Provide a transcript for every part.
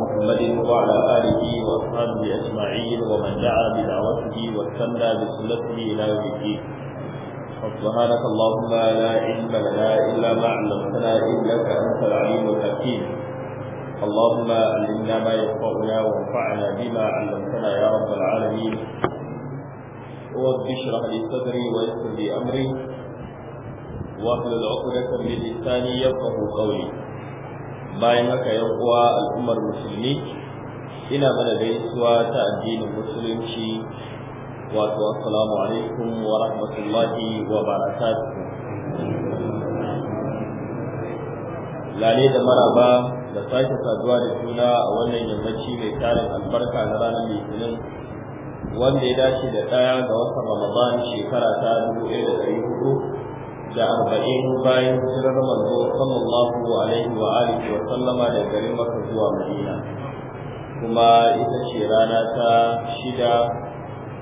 محمد وعلى آله وأصحابه أجمعين ومن دعا بدعوته واستنى بسنته إلى يوم الدين سبحانك اللهم لا علم لنا إلا ما علمتنا إنك أنت العليم الحكيم اللهم علمنا ما ينفعنا وانفعنا بما علمتنا يا رب العالمين رب اشرح لي صدري ويسر لي أمري واحلل عقدة من لساني يفقه قولي bayan haka yan uwa al'ummar musulmi ina mana gaisuwa ta addinin musulunci wato assalamu alaikum wa rahmatullahi wa barakatuh lale da maraba da sake saduwa da juna a wannan yammaci mai tarin albarka na ranar litinin wanda ya dace da ɗaya ga watan ramadan shekara ta dubu ɗaya da ɗari hudu da arba'in bayan hijirar manzo sallallahu alaihi wa alihi wa sallama da garin maka zuwa madina kuma ita ce rana ta shida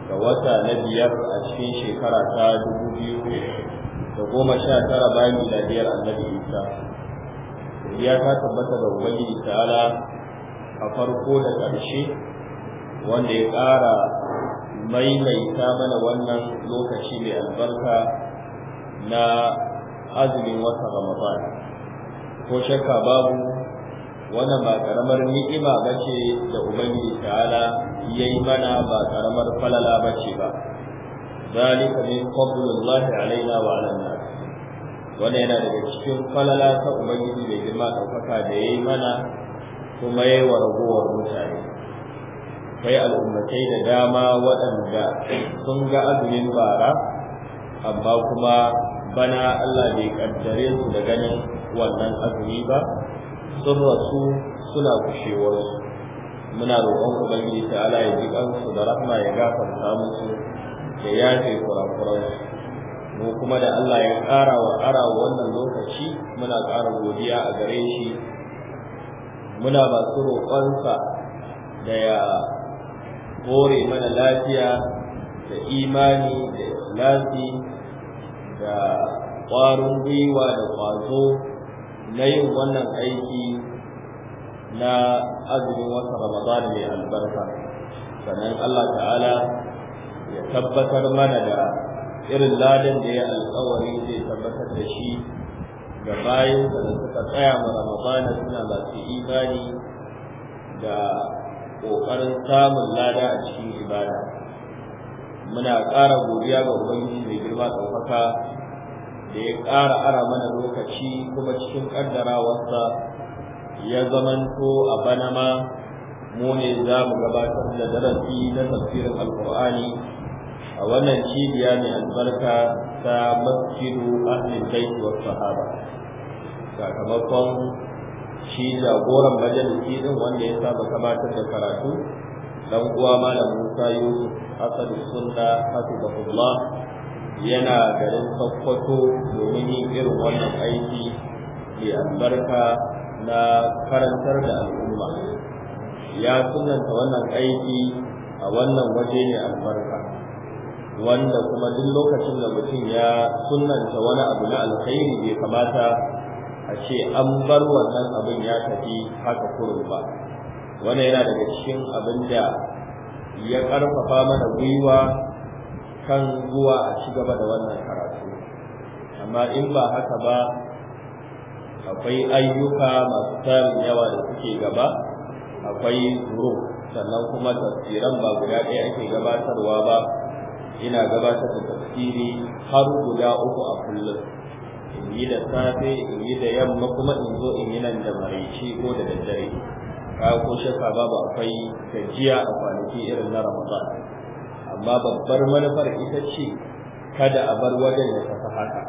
ga wata na biyar a cikin shekara ta dubu biyu da goma sha tara bayan miladiyar annabi isa ya ta tabbata da ubangiji ta'ala a farko da ƙarshe wanda ya ƙara maimaita mana wannan lokaci mai albarka na azumin wata ramadan ko shakka babu wannan ba karamar ni'ima bace da ubangiji ta'ala yayi mana ba karamar falala bace ba zalika min fadlillahi alaina wa ala nas wannan yana daga cikin falala ta ubangiji mai girma ɗaukaka da yayi mana kuma yayi wa ragowar mutane kai al'ummatai da dama waɗanda sun ga azumin bara amma kuma bana Allah bai kaddare su da ganin wannan azumi ba sun rasu suna kushewar su muna roƙon ubangiji ta ala ya ji kansu da rahma ya gafarta musu ya yafe kurakuran su mu kuma da Allah ya ƙara wa ƙara wannan lokaci muna ƙara godiya a gare shi muna masu roƙonsa da ya hore mana lafiya da imani da ikhlasi da ƙwarin gwiwa da ƙwazo na yin wannan aiki na azumin wata ramadan mai albarka sannan Allah ta'ala ya tabbatar mana da irin ladan da ya alkawari zai tabbatar da shi ga bayan da suka tsaya ma ramadan suna masu imani da ƙoƙarin samun lada a cikin ibada muna ƙara godiya ga ubangiji mai girma ɗaukaka da ya ƙara ara mana lokaci kuma cikin ƙaddarawarsa ya zamanto a bana ma mu ne za mu gabatar da darasi na tafsirin alƙur'ani a wannan cibiya mai albarka ta masjidu ahlin baiti wa sahaba sakamakon shi jagoran majalisi din wanda ya saba gabatar da karatu dan uwa malam Musa Yusuf Asadu Sunna Hafizahullah yana garin Sokoto domin yin irin wannan aiki mai albarka na karantar da al'umma ya sunanta wannan aiki a wannan waje ne albarka wanda kuma duk lokacin da mutum ya sunanta wani abu na alkhairi bai kamata a ce an bar wannan abin ya tafi haka kurun ba wannan yana daga cikin abin da ya karfafa mana gwiwa kan zuwa a ci gaba da wannan karatu amma in ba haka ba akwai ayyuka masu tarin yawa da suke gaba akwai zuru sannan kuma tafsiran ba guda ɗaya ake gabatarwa ba ina gabatar da tafsiri har guda uku a kullum in yi da safe in yi da yamma kuma in zo in yi nan da maraice ko da daddare ka ko shakka babu akwai gajiya a kwanaki irin na ramadan amma babbar manufar ita ce kada a bar wajen ya tafi haka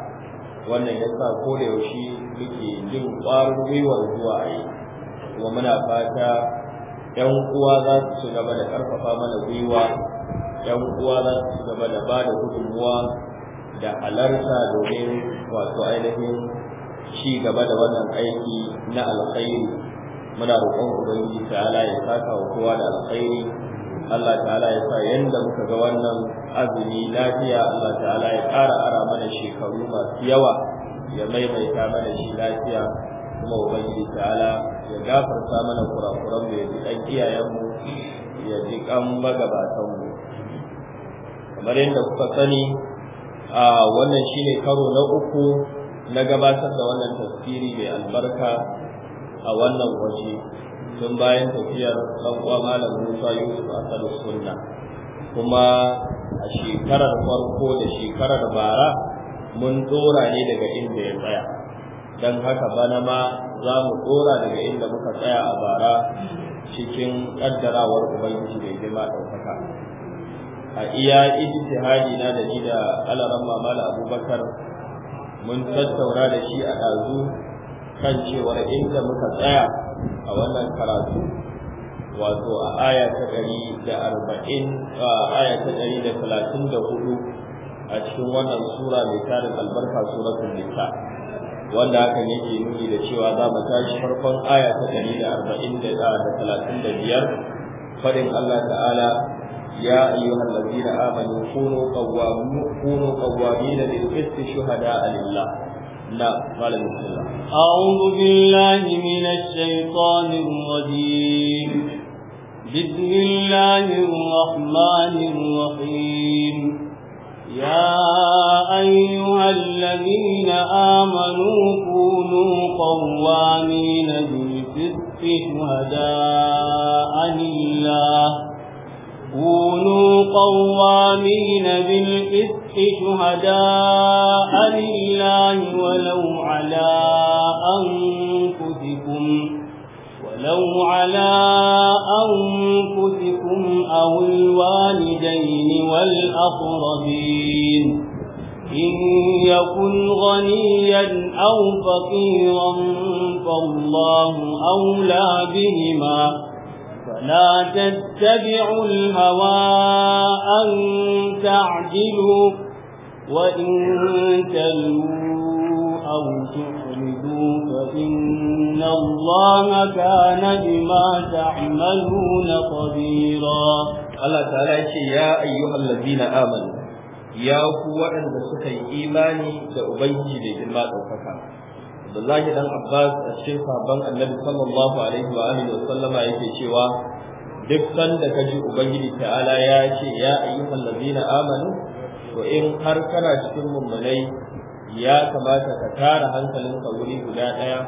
wannan ya sa ko da yaushe muke jin ƙwarin gwiwar zuwa a yi kuma muna fata yan uwa za su ci gaba da ƙarfafa mana gwiwa yan uwa za su ci gaba da ba da gudunmuwa da halarta domin wato ainihin ci gaba da wannan aiki na alkhairi muna roƙon ubangiji ta'ala ya saka wa kowa da alkhairi Allah ta'ala ya sa yanda muka ga wannan azumi lafiya Allah ta'ala ya ƙara ara mana shekaru masu yawa ya maimaita mana shi lafiya kuma ubangiji ta'ala ya gafarta mana kurakuran mu ya ji ɗan mu ya ji ƙan magabatanmu kamar yadda kuka sani a wannan shine karo na uku na gabatar da wannan tafsiri mai albarka a wannan waje tun bayan tafiyar kankuwa malam Musa Yusuf Asadu Sunna kuma a shekarar farko da shekarar bara mun dora ne daga inda ya tsaya don haka bana ma za mu dora daga inda muka tsaya a bara cikin ƙaddarawar Ubangiji mai girma ɗaukaka a iya ijtihadi na da ni da alaran mamala abubakar mun tattaura da shi a ɗazu kan cewar inda muka tsaya a wannan karatu wato a aya ta ɗari da arba'in aya ta ɗari da talatin da hudu a cikin wannan sura mai tarin albarka suratul nisa wanda hakan yake nuni da cewa za mu tashi farkon aya ta ɗari da arba'in da talatin da biyar faɗin Allah ta'ala يا أيها الذين آمنوا كونوا قوامين للقسط شهداء لله لا قال بسم أعوذ بالله من الشيطان الرجيم بسم الله الرحمن الرحيم يا أيها الذين آمنوا كونوا قوامين بالفسق شهداء لله كونوا قوامين بالفسق شهداء لله ولو على أنفسكم ولو على أنفسكم أو الوالدين والأقربين إن يكن غنيا أو فقيرا فالله أولى بهما فلا تتبعوا الهوى أن تعجلوا وإن تلووا أو تعرضوا فإن الله كان بما تعملون قديرا الله تعالى يا أيها الذين آمنوا يا هو أن سكي إيماني لأبيجي لجمع أوفكا Abdullahi dan Abbas a cikin sabon Annabi sallallahu alaihi wa alihi wasallama yake cewa duk sanda kaji Ubangiji ta'ala ya ce ya ayyuhal ladina amanu to in har kana cikin mummunai ya kamata ka tara hankalinka wuri guda ɗaya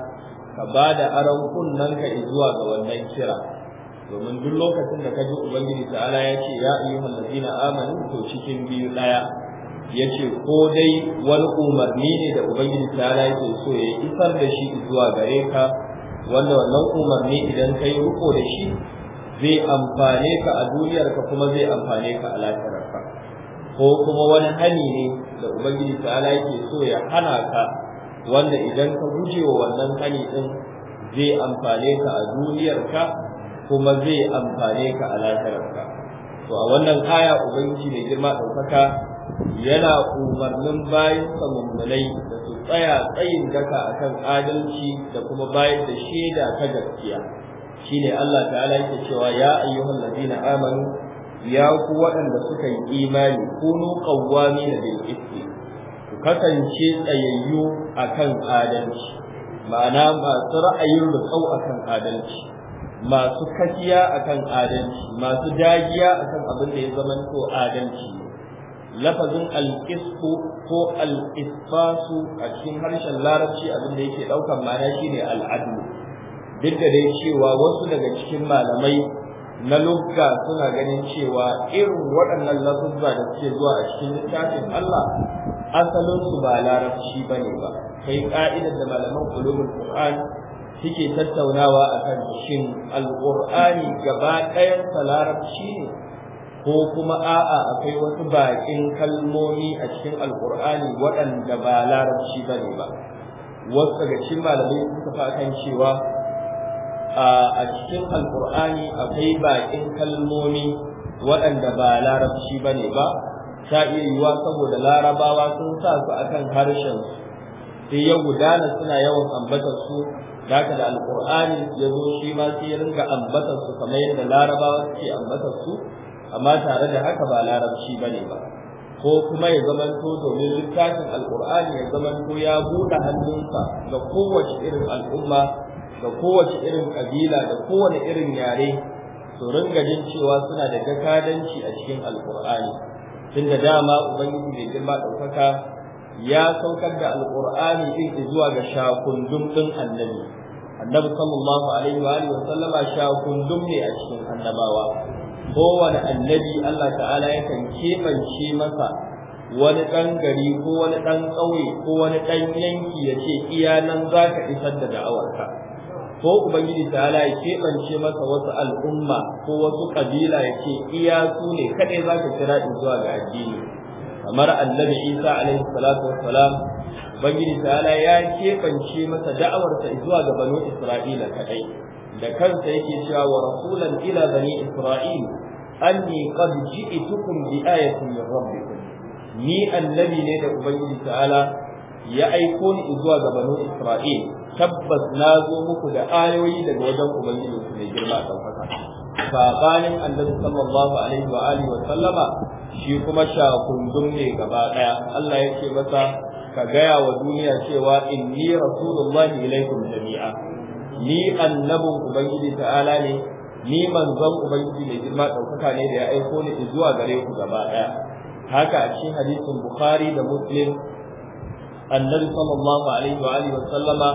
ka ba da aron kunnanka zuwa ga wannan kira domin duk lokacin da ka ji ubangiji ta'ala ya ce ya ayyuhal mallazina amanu to cikin biyu ɗaya ya ce ko dai wani umarni ne da ubangiji ta'ala yake so ya isar da shi zuwa gare ka wanda wannan umarni idan ka yi riko da shi zai amfane ka a duniyarka kuma zai amfane ka a lafiyar ko kuma wani hani ne da ubangiji ta'ala yake so ya hana ka wanda idan ka guje wa wannan hani ɗin zai amfane ka a duniyarka kuma zai amfane ka a lahirarka to a wannan aya ubangiji mai girma ɗaukaka yana umarnin bayan mummunai da su tsaya tsayin daka a kan adalci da kuma bayar da shaida ta gaskiya shine Allah ta'ala yake cewa ya ayyuhal ladina amanu ya ku waɗanda suka yi imani kunu kawwami da bil qisti ku kasance tsayayyu akan adalci ma'ana masu ra'ayin rukau akan adalci masu kaciya akan adalci masu dagiya akan abin da ya zama to adalci lafazin alƙisku ko alƙisfasu a cikin harshen larabci abin da yake ɗaukan ma'ana shine al'adu duk da dai cewa wasu daga cikin malamai na lugga suna ganin cewa irin waɗannan lafuzza da suke zuwa a cikin littafin Allah asalinsu ba larabci ba ne ba kai ka'idar da malaman ulumul qur'an suke tattaunawa akan shin alqur'ani gaba ɗayan larabci ne ko kuma a'a akwai wasu baƙin kalmomi a cikin alqur'ani waɗanda ba larabci ba ne ba wasu daga cikin malamai suka fa kan cewa a cikin alkur'ani akwai bakin kalmomi waɗanda ba larabci ba ne ba ta iya yiwuwa saboda larabawa sun sa su akan harshen sai ya gudana suna yawan ambatar su da da alkur'ani ya zo shi ma sai ya ringa ambatar su kamar yadda larabawa suke ambatar su amma tare da haka ba larabci ba ne ba ko kuma ya zamanto domin littafin alkur'ani ya zamanto ya buɗe hannunsa ga kowace irin al'umma da kowace irin kabila da kowane irin yare su ringa jin cewa suna da gakadanci a cikin alkur'ani tunda dama ubangiji mai girma ɗaukaka ya saukar da alkur'ani din zuwa ga shakundum din annabi annabi sallallahu alaihi wa alihi wa sallama shakundum ne a cikin annabawa kowane annabi Allah ta'ala yakan keɓance masa wani ɗan gari ko wani ɗan ƙauye ko wani ɗan yanki ya ce iya nan za ka isar da da'awarka ko ubangiji ta'ala ya keɓance masa wasu al'umma ko wasu ƙabila ya ce iya ne kaɗai za ka kira in zuwa ga addini kamar annabi isa alaihi salatu wassalam ubangiji ta'ala ya keɓance masa da'awarsa zuwa ga banu isra'ila kaɗai da kansa yake cewa wa rasulan ila bani isra'il anni qad ji'tukum bi ayatin min rabbikum ni annabi ne da ubangiji ta'ala ya aiko ni zuwa ga banu Isra'il tabbas na zo muku da ayoyi daga wajen ubangiji ku mai girma a ɗaukaka sabanin annabi sallallahu alaihi wa alihi wa sallama shi kuma shakundum ne gaba ɗaya Allah ya ce masa ka gaya wa duniya cewa inni rasulullahi ilaikum jami'a ni annabin ubangiji ta'ala ne ni manzon ubangiji mai girma ɗaukaka ne da ya aiko ni zuwa gare ku gaba ɗaya haka a cikin hadisin bukhari da muslim annabi sallallahu alaihi wa alihi wa sallama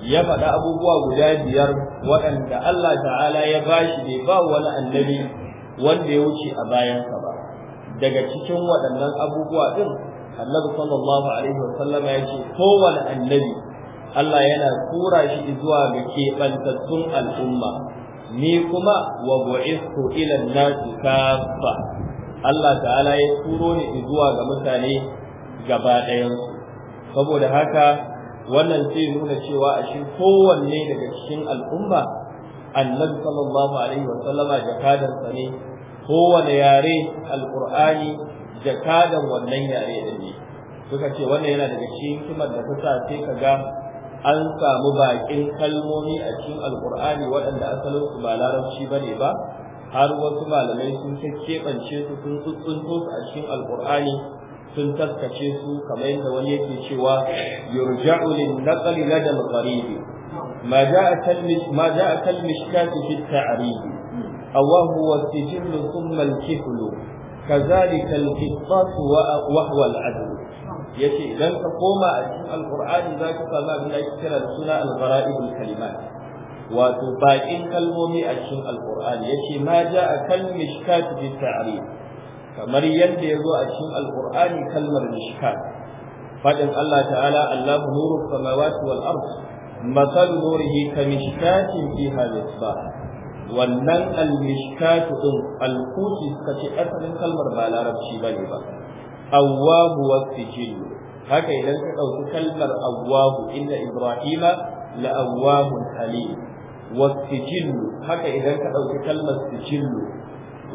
ya faɗa abubuwa guda biyar waɗanda Allah ta'ala ya bashi bai ba wani annabi wanda ya wuce a bayansa ba daga cikin waɗannan abubuwa ɗin annabi sallallahu alaihi sallama ya ce kowane annabi Allah yana tura shi zuwa ga keɓantattun al'umma ni kuma wa bu'istu ila nasi kafa Allah ta'ala ya turo ni zuwa ga mutane gaba ɗayansu saboda haka wannan zai nuna cewa a shi kowanne daga cikin al'umma annabi sallallahu alaihi wa sallama jakadan ne kowane yare alqur'ani jakadan wannan yare din ne suka ce wannan yana daga cikin hikimar da ta sa sai ka ga an samu bakin kalmomi a cikin alqur'ani waɗanda asalin su ba larabci bane ba har wasu malamai sun keɓance su sun tsuntsunto su a cikin alqur'ani sun taskace su kamar yadda wani yake cewa yurja'u lin naqli ladal gharib ma ja'a talmish ma ja'a talmishkat fi at-ta'rib aw huwa as-sijil thumma al-kifl kadhalika al-qisas wa huwa al-adl yace idan ka koma a cikin alqur'ani za ka samu abin da ake kira da suna al-gharaib al-kalimat wato baƙin kalmomi a cikin alqur'ani yace ma ja'a kalmishkat fi at-ta'rib kamar yadda ya zo a cikin alqur'ani kalmar mishkat fadin Allah ta'ala Allahu nuru samawati wal ard masal nurihi ka mishkatin fiha wannan al-mishkatu din al-qusi kace asalin kalmar ba larabci bane ba awwabu wasijin haka idan ka dauki kalmar awwabu inna ibrahima la awwabun halim wasijin haka idan ka dauki kalmar sijillu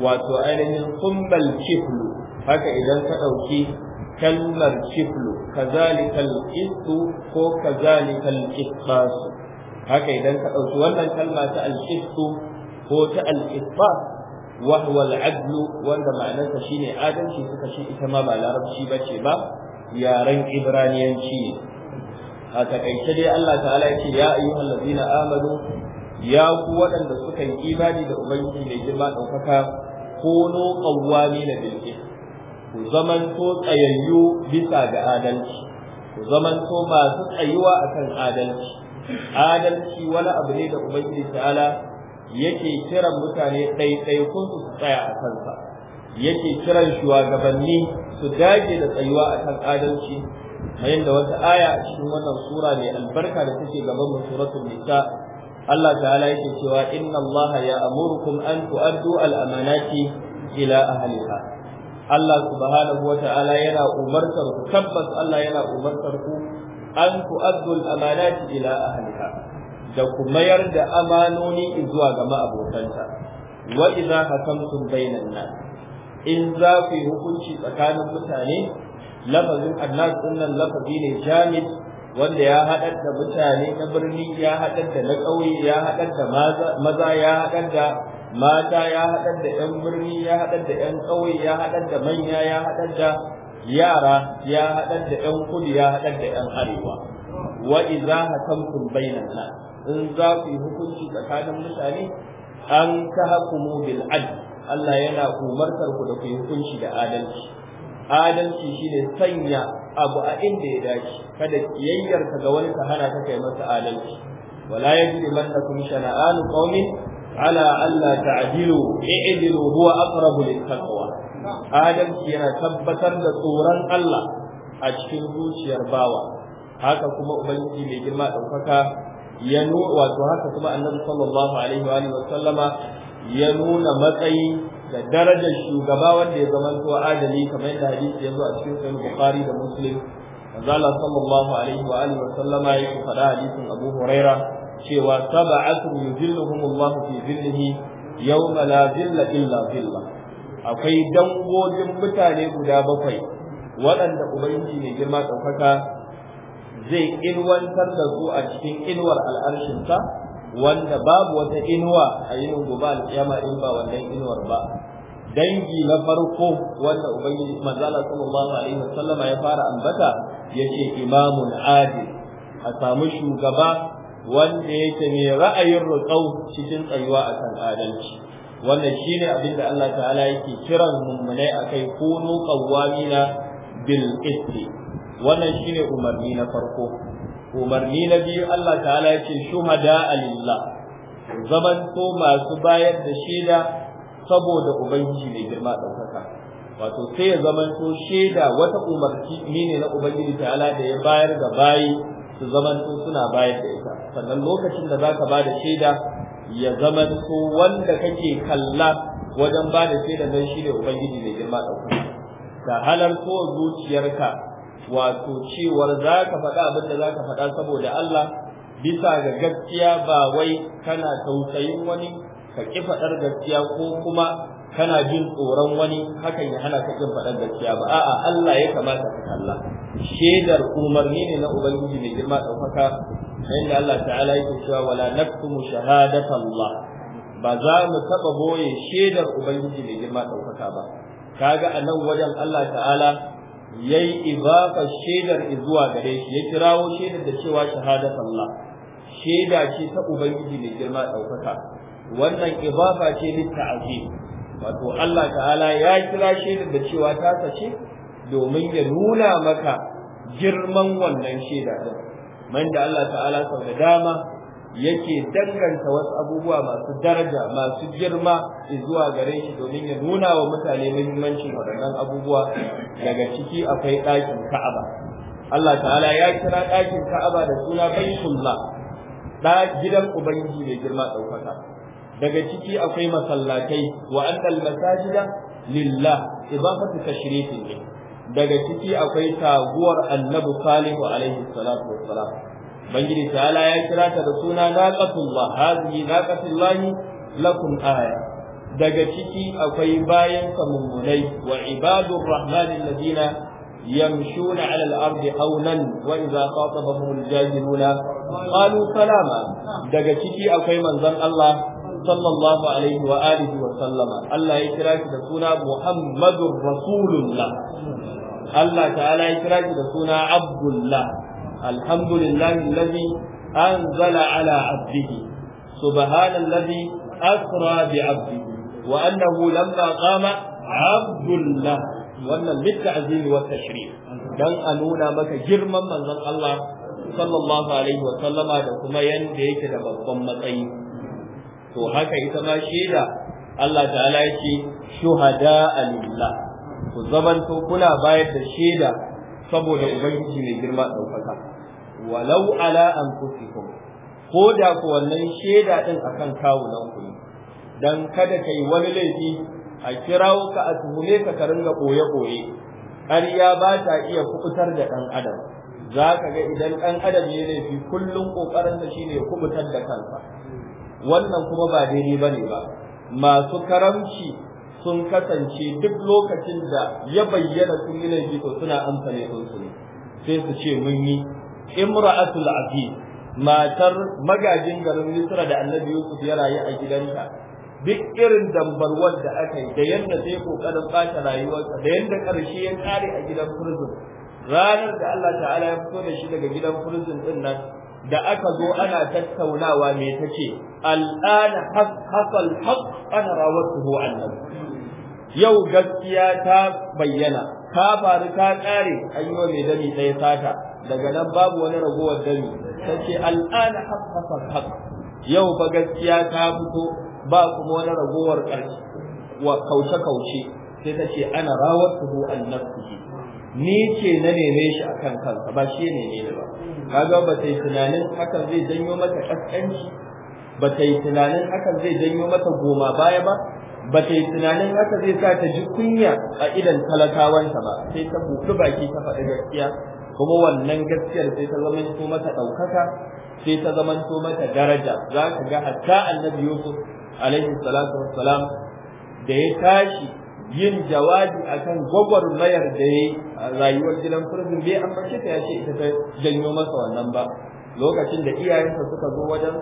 wato ainihin Kumbal kiflu haka idan ka ɗauki kalmar kiflu kazalikal qistu ko kazalikal qistas haka idan ka ɗauki wannan kalma ta al ko ta al qistas adlu wanda ma'anarsa shine adalci suka shi ita ma ba larabci bace ba yaren ibraniyanci ne a takaice dai Allah ta'ala ya ce ya na amanu ya ku waɗanda suka yi imani da ubangiji mai girma ɗaukaka kono qawwami na bil ku zamanto tsayayyu bisa ga adalci ku zamanto masu tsayuwa akan adalci adalci wani abu ne da ubangiji ta'ala yake kiran mutane ɗaiɗaikun su tsaya a kansa yake kiran shugabanni su dage da tsayuwa akan adalci kamar yadda wata aya a cikin wannan sura ne albarka da take gaban mu suratul nisa Allah ta'ala yake cewa inna Allah ya amurukum an tu'addu al-amanati ila ahliha Allah subhanahu wata'ala yana umartar ku tabbas Allah yana umartar ku an tu'addu al-amanati ila ahliha da ku mayar da amanoni zuwa ga ma'abotanta wa idza hakamtum bainan nas in za ku yi hukunci tsakanin mutane lafazin annas dinnan lafazi ne jamid wanda ya haɗar da mutane na birni ya haɗar da na ƙauye ya haɗar da maza ya haɗar da mata ya haɗar da 'yan birni ya haɗar da 'yan ƙauye ya haɗar da manya ya haɗar da yara ya haɗar da 'yan kudu ya haɗar da 'yan arewa wa idza hakamtum bainan nas in za ku yi hukunci tsakanin mutane an tahkumu bil adl Allah yana umartar ku da ku yi hukunci da adalci adalci shine sanya abu a inda ya dace kada kiyayyar ka ga wani hana ta kai masa adalci wala yajrimannakum shana'an qaumin ala alla ta'dilu i'dilu huwa aqrabu lit-taqwa adalci yana tabbatar da tsoron Allah a cikin zuciyar bawa haka kuma ubangiji mai girma daukaka ya nuna wato haka kuma annabi sallallahu alaihi wa sallama ya nuna matsayi da darajar shugaba wanda ya zama to adali kamar da hadisi ya a cikin sahih bukhari da muslim manzo Allah sallallahu alaihi wa alihi wa sallama yake faɗa hadisin Abu Huraira cewa sab'atu yuzilluhum Allah fi zillihi yawma la zilla illa zilla akwai dangogin mutane guda bakwai waɗanda ubangiji mai girma ɗaukaka zai inwantar da su a cikin inwar al'arshinsa wanda babu wata inuwa a yinin gobe alƙiyama in ba wannan inuwar ba dangi na farko wanda ubangiji manzala sallallahu alaihi wasallam ya fara ambata yake imamun adil a samu shugaba wanda yake mai ra'ayin rutsau cikin tsayuwa akan adalci wannan shine abin da Allah ta'ala yake kiran mummunai akai kunu qawwamina bil qisti wannan shine umarni na farko umarni na biyu Allah ta'ala ya ce shuhada alillah zaman to masu bayar da shaida saboda ubangiji mai girma ɗaukaka wato sai ya zaman to shaida wata umarci ne na ubangiji ta'ala da ya bayar da bayi su zaman to suna bayar da ita sannan lokacin da zaka bada da shaida ya zaman to wanda kake kalla wajen bada da shaida nan shi ne ubangiji mai girma ɗaukaka halar halarto zuciyarka wato cewar za ka faɗa abin da za ka faɗa saboda Allah bisa ga gaskiya ba wai kana tausayin wani ka ƙi faɗar gaskiya ko kuma kana jin tsoron wani hakan ya hana ka ƙin faɗar gaskiya ba a'a Allah ya kamata ka kalla shedar umarni ne na ubangiji mai girma ɗaukaka inda Allah ta'ala yake cewa wala naftumu shahadatallah ba za mu taɓa boye shedar ubangiji mai girma ɗaukaka ba kaga a nan wajen Allah ta'ala yayi ibaka shaidar zuwa gare shi ya kirawo shaidar da cewa shahada Allah shaida ce ta ubangiji mai girma ɗaukaka, wannan ibafa ce litta'azim wato Allah ta'ala ya kira shaidar da cewa ta sace domin ya nuna maka girman wannan shaida din man da Allah ta'ala sau da dama yake danganta wasu abubuwa masu daraja masu girma zuwa gare shi domin ya nuna wa mutane muhimmancin waɗannan abubuwa daga ciki akwai ɗakin ka'aba Allah ta'ala ya kira ɗakin ka'aba da suna baitullah da gidan ubangiji mai girma ɗaukaka daga ciki akwai masallatai wa annal masajida lillah idafatu tashrifin daga ciki akwai taguwar annabi salihu alaihi salatu wassalam ubangiji ta'ala ya kira ta da suna naqatullah hazihi naqatullah lakum aya daga ciki akwai bayan mummunai wa ibadur rahman alladina yamshuna ala al-ardi hawnan wa idza khatabahum al-jahiluna qalu salama daga ciki akwai manzon Allah sallallahu alaihi wa alihi wa sallama Allah ya kira shi da suna Allah ta'ala ya kira shi da suna Abdullah alhamdulillahi alladhi anzala ala abdihi subhana alladhi asra abdihi wa annahu lamma qama abdullah wannan litta'zim wa tashrif dan a nuna maka girman manzon Allah sallallahu alaihi wa sallama da kuma yanda yake da babban matsayi to haka ita ma shaida Allah ta'ala yake shuhada alillah ku zamanto kuna bayar da shaida saboda ubangiji mai girma ɗaukaka walau ala anfusikum ko da ku wannan sheda din akan nan ku dan kada kai wani laifi a kirawo ka a tuhume ka ka ringa koye koye ƙarya ba ta iya kubutar da ɗan adam za ka ga idan ɗan adam ya laifi kullum ƙoƙarin da shine kubutar da kansa wannan kuma ba daidai bane ba masu karamci sun kasance duk lokacin da ya bayyana sun yi laifi to suna amsa sun su ne sai su ce mun yi imra'atul aziz matar magajin garin Misra da Annabi Yusuf ya rayu a gidanta duk irin dambarwar da aka yi da yadda sai kokarin bata rayuwarsa da yanda karshe ya kare a gidan prison ranar da Allah ta'ala ya fito da shi daga gidan prison din nan da aka zo ana tattaunawa me take ce, hasal haq ana rawatuhu annab yau gaskiya ta bayyana ka faru ka kare an yi wa mai dani sai sata daga nan babu wani ragowar dami ta ce al'ana haƙƙa haƙƙa yau ba gaskiya ta fito ba kuma wani ragowar ƙarshe wa kauce-kauce sai ta ce ana rawar tuhu an nafsihi ni ce na neme shi akan kansa ba shi ne ne ba kaga ba sai tunanin hakan zai janyo mata ƙasƙanci ba sai tunanin hakan zai janyo mata goma baya ba ba sai tunanin haka zai sa ta ji kunya a idan talakawanta ba sai ta buɗi baki ta faɗi gaskiya kuma wannan gaskiyar sai ta zamanto mata ɗaukaka sai ta zamanto mata daraja za ka ga hatta annabi yusuf alaihi salatu wassalam da ya tashi yin jawabi akan mayar da ya rayuwar gidan prison bai bace ta ya ita ta janyo masa wannan ba lokacin da iyayensa suka zo wajen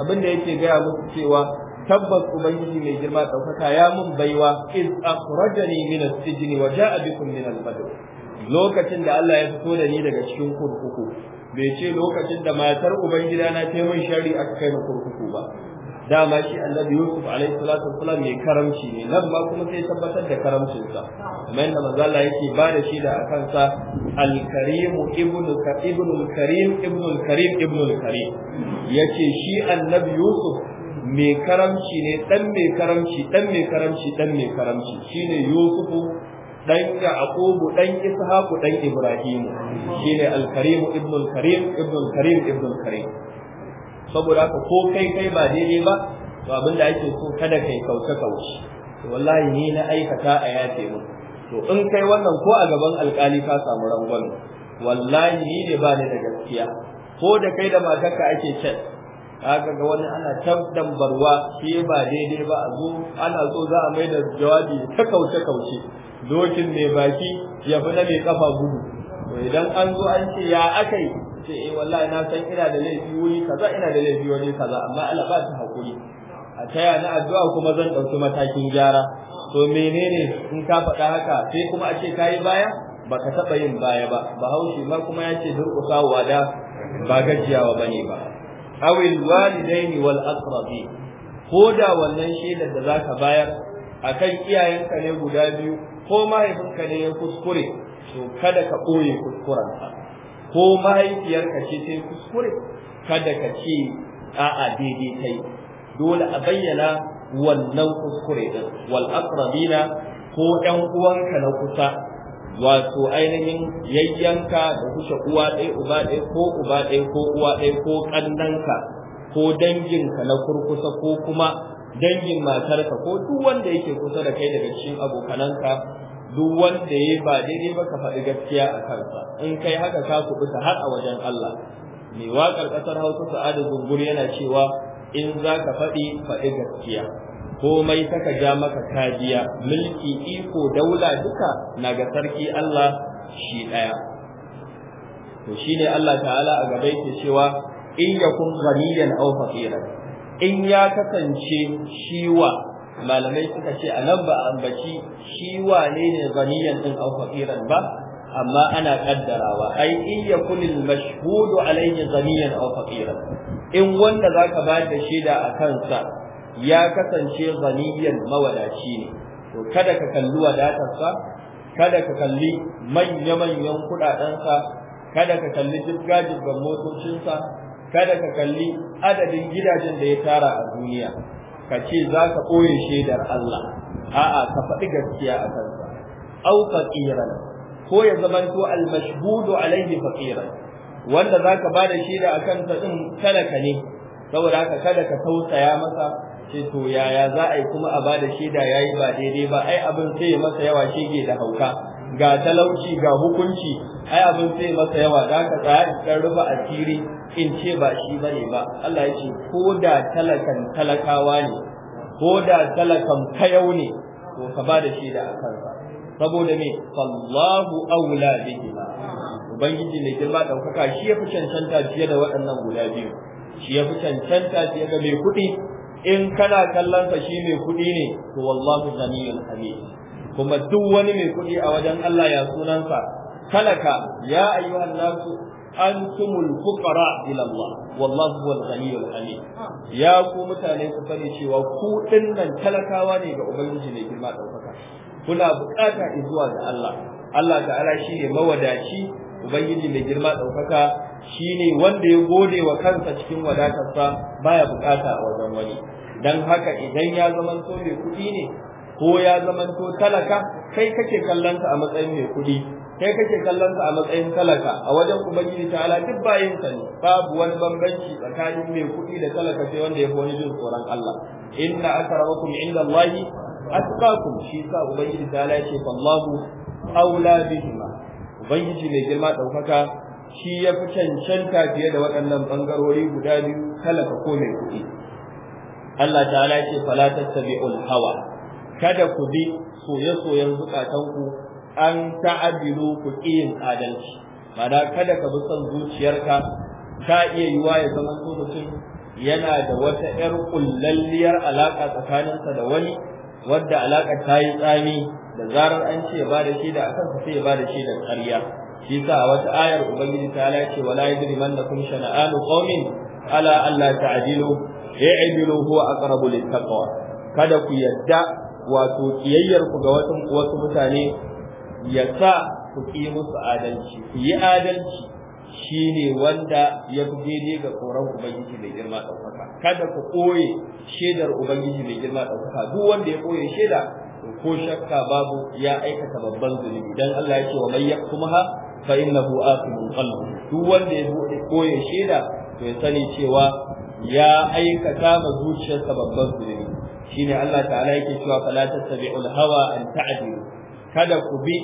abin da yake gaya musu cewa tabbas ubangiji mai girma ɗaukaka ya mun baiwa iz akhrajani min as-sijni wa ja'a bikum min al-badr lokacin da Allah ya fito da ni daga cikin kurkuku bai ce lokacin da matar ubangida na ta min shari aka kai ni kurkuku ba dama shi annabi Yusuf alaihi salatu wassalam mai karamci ne nan ma kuma sai tabbatar da karamcin sa kamar yadda manzo Allah yake ba da shi da akan sa al-karim ibnu ka karim ibnu karim ibnu karim yace shi annabi Yusuf mai karamci ne dan mai karamci dan mai karamci dan mai karamci shine Yusufu dan Yaqubu ɗan Ishaqu ɗan Ibrahim shine al-Karim ibn al-Karim ibn al-Karim ibn al-Karim saboda haka ko kai kai ba daidai ba to abin da ake so kada kai kauce kauce to wallahi ni na aikata a yafe mu to in kai wannan ko a gaban alkali ka samu rangwame wallahi ni ne ba ni da gaskiya ko da kai da matarka ake chat haka ga wani ana tabdan ke ba daidai ba a zo ana so za a mai da jawabi ta kauce kauce dokin mai baki ya fi na mai kafa gudu idan an zo an ce ya akai ce eh wallahi na san ina da laifi wuri kaza ina da laifi wuri kaza amma Allah ba ta hakuri a taya na addu'a kuma zan ɗauki matakin gyara to menene in ka faɗa haka sai kuma a ce kayi baya Ba ka taɓa yin baya ba bahaushe ma kuma ya ce durƙusawa da ba gajiyawa bane ba awil walidaini wal aqrabi ko da wannan shaidar da zaka bayar akan iyayenka ne guda biyu ko mahaifinka ne ya kuskure to kada ka ɓoye kuskurenka ko mahaifiyarka ce ta kuskure kada ka ce a'a daidai kai dole a bayyana wannan kuskure din wal aqrabina ko ɗan uwanka na kusa wato ainihin yayyanka da kusa uwa ɗaya uba ɗaya ko uba ɗaya ko uwa ɗaya ko ƙannanka ko danginka na kurkusa ko kuma dangin matarka ko duk wanda yake kusa da kai daga cikin abokananka duk wanda ya ba daidai ba ka faɗi gaskiya a kansa in kai haka ka kuɓuta har a wajen Allah mai waƙar ƙasar Hausa Sa'adu Zunguri yana cewa in za ka faɗi faɗi gaskiya komai saka ja maka kajiya mulki iko daula duka na ga sarki Allah shi daya to shine Allah ta'ala a gaba yake cewa in yakun ghaniyan aw faqiran in ya kasance shiwa malamai suka ce anan ba ambaci shiwa ne ne ghaniyan din aw faqiran ba amma ana kaddarawa ai in yakun al mashhudu alayhi ghaniyan aw faqiran in wanda zaka ba da shaida a kansa ya kasance zaniyan mawadaci ne to kada ka kalli wadatarsa kada ka kalli manya-manyan kuɗaɗensa kada ka kalli jirga-jirgar motocinsa kada ka kalli adadin gidajen da ya tara a duniya ka ce za ka ɓoye shaidar Allah a'a ka faɗi gaskiya a kansa au faqiran ko ya zamanto al-mashhudu alaihi faqiran wanda zaka da shaida a kansa din talaka ne saboda haka kada ka tausaya masa sai to yaya za a yi kuma a bada shaida yayi ba daidai ba ai abin sai masa yawa shege da hauka ga talauci ga hukunci ai abin sai masa yawa da ka tsaya dan rufe asiri in ce ba shi bane ba Allah ya ce ko da talakan talakawa ne ko da talakan kayau ne to ka bada shaida a kansa saboda me sallahu aula bihi ubangiji ne girma daukaka shi ya fi cancanta fiye da waɗannan guda biyu shi ya fi cancanta fiye da mai kuɗi in kana kallon sa shi mai kuɗi ne to wallahi ghaniyyun hamid kuma duk wani mai kuɗi a wajen Allah ya sunansa talaka ya ayyuhan nasu antumul fuqara ila Allah wallahu huwal ghaniyyul hamid ya ku mutane ku sani cewa ku nan talakawa ne ga ubangiji ne girma daukaka kuna bukata izuwa ga Allah Allah ta'ala shi ne mawadaci ubangiji mai girma ɗaukaka shine wanda ya gode wa kansa cikin wadatarsa baya bukata a wajen wani dan haka idan ya to mai kuɗi ne ko ya zamanto talaka kai kake kallonta a matsayin mai kuɗi kai kake kallonsa a matsayin talaka a wajen ubangiji ala duk bayin sa ne babu wani bambanci tsakanin mai kuɗi da talaka sai wanda ya fi wani jin tsoron Allah inna akramakum inda Allah atqakum shi sa ubangiji ta'ala ya ce wallahu aula bihima ubangiji mai girma ɗaukaka shi ya fi cancanta fiye da waɗannan ɓangarori guda biyu talaka ko mai kuɗi Allah ta'ala ce fala tattabi'ul hawa kada ku bi soye-soyen zukatanku an ta'adilu ku yin adalci ma'ana kada ka bi son zuciyarka ta iya yiwa ya zama mutum yana da wata 'yar kullalliyar alaƙa tsakaninsa da wani wadda alaƙa ta yi tsami da zarar an ce ba da shaida akan sa sai ba da shaidar ƙarya shi yasa a wata ayar ubangiji ta ala ce wala yajrimannakum shana'anu qaumin ala alla ta'dilu i'dilu huwa aqrabu taqwa kada ku yadda wato kiyayyar ku ga wasu wasu mutane ya sa ku yi musu adalci ku yi adalci shine wanda ya fi daidai ga tsoron ubangiji mai girma ɗaukaka kada ku ɓoye shaidar ubangiji mai girma ɗaukaka duk wanda ya ɓoye shaida ko shakka babu ya aikata babban zunubi dan Allah ya ce wa may yaktumha fa innahu asimun qalbu duk wanda ya bude ko ya shaida, to ya sani cewa ya aikata ma zuciyarsa babban zunubi shine Allah ta'ala yake cewa fala tattabi'ul hawa an ta'dilu kada ku bi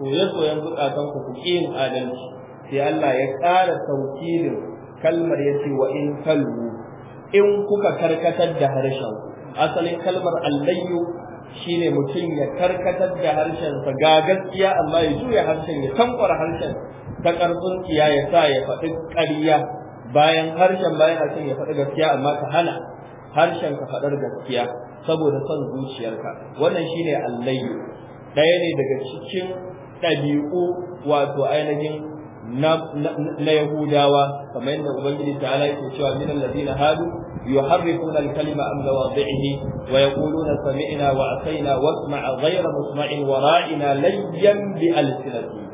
soye-soyen zukatan ku yin adalci sai Allah ya ƙara saukilin kalmar ya ce wa in kalbu in kuka karkatar da harshen asalin kalmar allayyu shine mutum ya karkatar da harshensa ga gaskiya amma ya juya harshen ya tankwara harshen ta karfin tsiya ya sa ya faɗi ƙarya bayan harshen bayan harshen ya faɗi gaskiya amma ka hana harshen ka faɗar gaskiya saboda son zuciyarka wannan shine allayu ɗaya ne daga cikin ɗabi'u wato ainihin na Yahudawa kamar yadda Ubangiji ta ala yake cewa minan ladina hadu يحرفون الكلمة عن مواضعه ويقولون سمعنا وعصينا واسمع غير مسمع ورائنا ليا بألسنتهم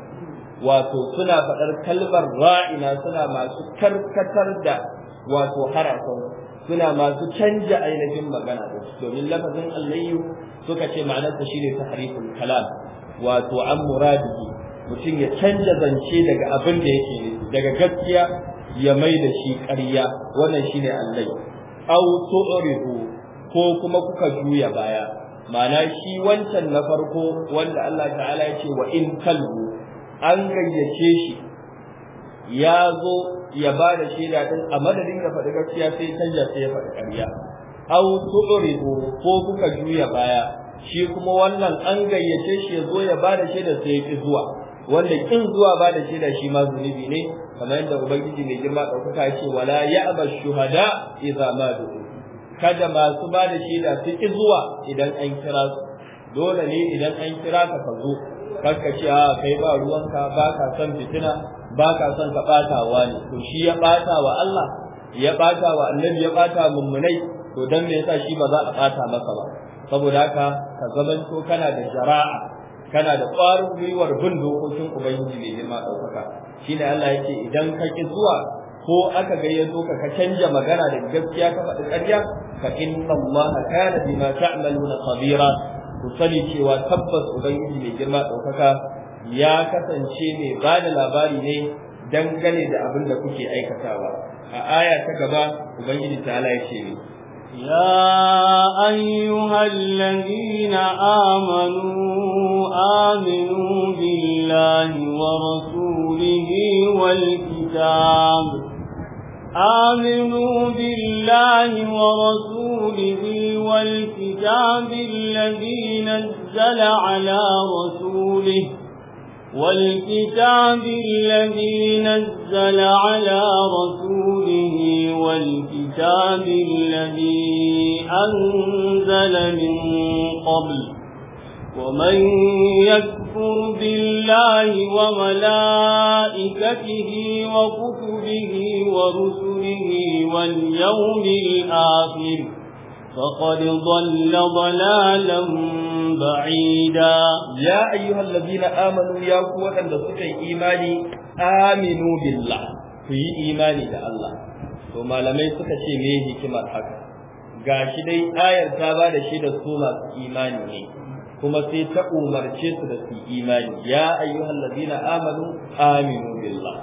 wato suna faɗar kalmar ra'ina suna masu karkatar da wato harafin suna masu canja ainihin magana da domin lafazin allayyu suka ce ma'anarsa shine tahriful kalam wato an muradihi mutum ya canja zance daga abin da yake daga gaskiya ya mai da shi ƙarya wannan shine allai. aw tu'ridu ko kuma kuka juya baya mana shi wancan na farko wanda Allah ta'ala ya ce wa in kalbu an gayyace shi ya zo ya ba da shaida din a madadin da faɗi gaskiya sai canja sai ya faɗi ƙarya aw tu'ridu ko kuka juya baya shi kuma wannan an gayyace shi ya zo ya bada da shaida sai ya zuwa wanda kin zuwa ba da shi ma zunubi ne kamar yadda ubangiji mai girma daukaka yake wala ya'ba shuhada idza ma du'u kada masu ba da shaida su ki zuwa idan an kira su dole ne idan an kira ka ka zo karka ce a kai ba ruwanka ba ka son fitina ba ka son ka wa ne to shi ya ɓata wa Allah ya ɓata wa annabi ya bata mummunai to dan me yasa shi ba za a ɓata masa ba saboda haka ka zamanto kana da jara'a kana da ƙwarin gwiwar bin dokokin ubangiji mai girma ɗaukaka shine Allah yake idan ka ki zuwa ko aka gayyato ka ka canja magana da gaskiya ka faɗi ƙarya ka inna Allah kana bima ta'maluna khabira ku sani cewa tabbas ubangiji mai girma ɗaukaka ya kasance mai ba da labari ne dangane da abin da kuke aikatawa a aya ta gaba ubangiji ta ala ya ce ne يا أيها الذين آمنوا الكتاب آمنوا بالله ورسوله والكتاب الذي نزل على رسوله والكتاب الذي نزل على رسوله والكتاب الذي أنزل من قبل ومن يكتب يكفر بالله وملائكته وكتبه ورسله واليوم الآخر فقد ضل ضلالا بعيدا يا أيها الذين آمنوا يا قوة لسكي إيماني آمنوا بالله في إيماني الله ثم لم يسكي ميه كما حكى gashi dai ayar ta ba da shi da su masu imani ne kuma sai ta umarce su da su imani ya ayyuhal ladina amanu aminu billah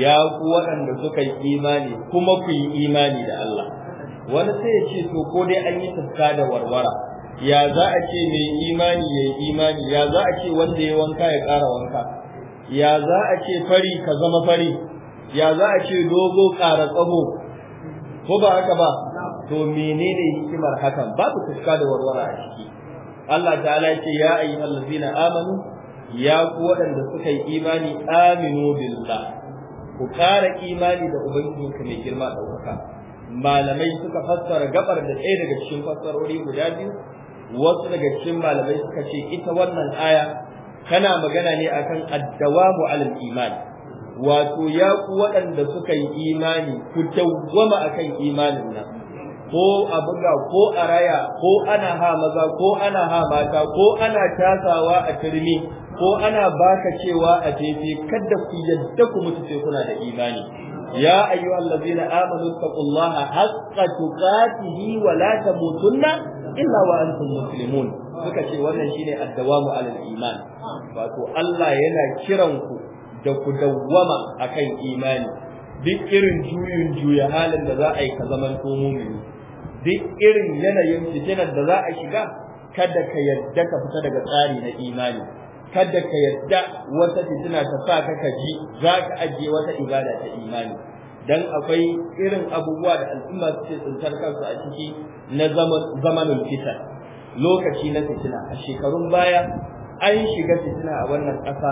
ya ku waɗanda suka yi imani kuma ku yi imani da Allah wani sai ya ce to ko dai an yi tafka da warwara ya za a ce mai imani ya yi imani ya za a ce wanda ya wanka ya ƙara wanka ya za a ce fari ka zama fari ya za a ce dogo ƙara tsaho ko ba haka ba to menene hikimar hakan babu tafka da warwara a ciki Allah ta'ala ce ya ayi ladzina amanu ya ku waɗanda suka yi imani aminu billah ku ƙara imani da ubangijinka mai girma ɗaukaka malamai suka fassara gabar da ɗaya daga cikin fassarori guda biyu wasu daga cikin malamai suka ce ita wannan aya kana magana ne akan addawamu alal iman wato ya ku waɗanda suka yi imani ku dawwama akan imanin nan ko a buga ko a raya ko ana ha maza ko ana ha mata ko ana tasawa a turmi ko ana baka cewa a jefe kada ku yadda ku mutu sai kuna da imani ya ayu allazina amanu taqullaha haqqa tuqatihi wa la tamutunna illa wa antum muslimun suka ce wannan shine addawamu alal iman wato Allah yana kiran ku da ku dawwama akan imani duk irin juyin juya halin da za a yi ka zaman mumini duk irin yanayin fitinar da za a shiga kada ka yadda ka fita daga tsari na imani kada ka yadda wata fitina ta sa ka kaji za ka ajiye wata ibada ta imani dan akwai irin abubuwa da al'umma suke tsuntar kansu a ciki na zamanin fita lokaci na fitina a shekarun baya an shiga fitina a wannan ƙasa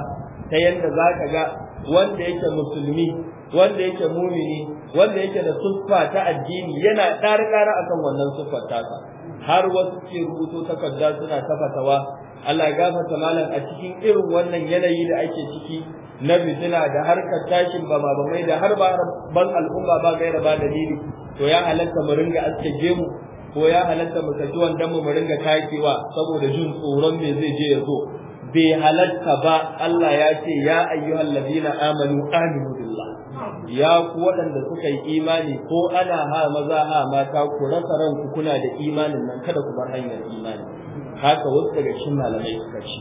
ta yadda za ka ga wanda yake musulmi wanda yake mumini wanda yake da siffa ta addini yana ƙara-ƙara akan wannan ta tasa har wasu ke rubuto takarda suna tafatawa Allah gafarta malam a cikin irin wannan yanayi da ake ciki na fitina da harkar tashin bama bamai da har ba ban al'umma ba gaira ba dalili to ya halatta mu ringa aske gemu ko ya halatta mu saki wandan mu ringa takewa saboda jin tsoron me zai je ya zo bai halatta ba Allah ya ce ya ayyuhal ladina amanu aminu billah ya ku waɗanda suka yi imani ko ana ha maza ha mata ku rasa ranku kuna da imanin nan kada ku bar hanyar imani haka wasu daga cikin malamai suka ce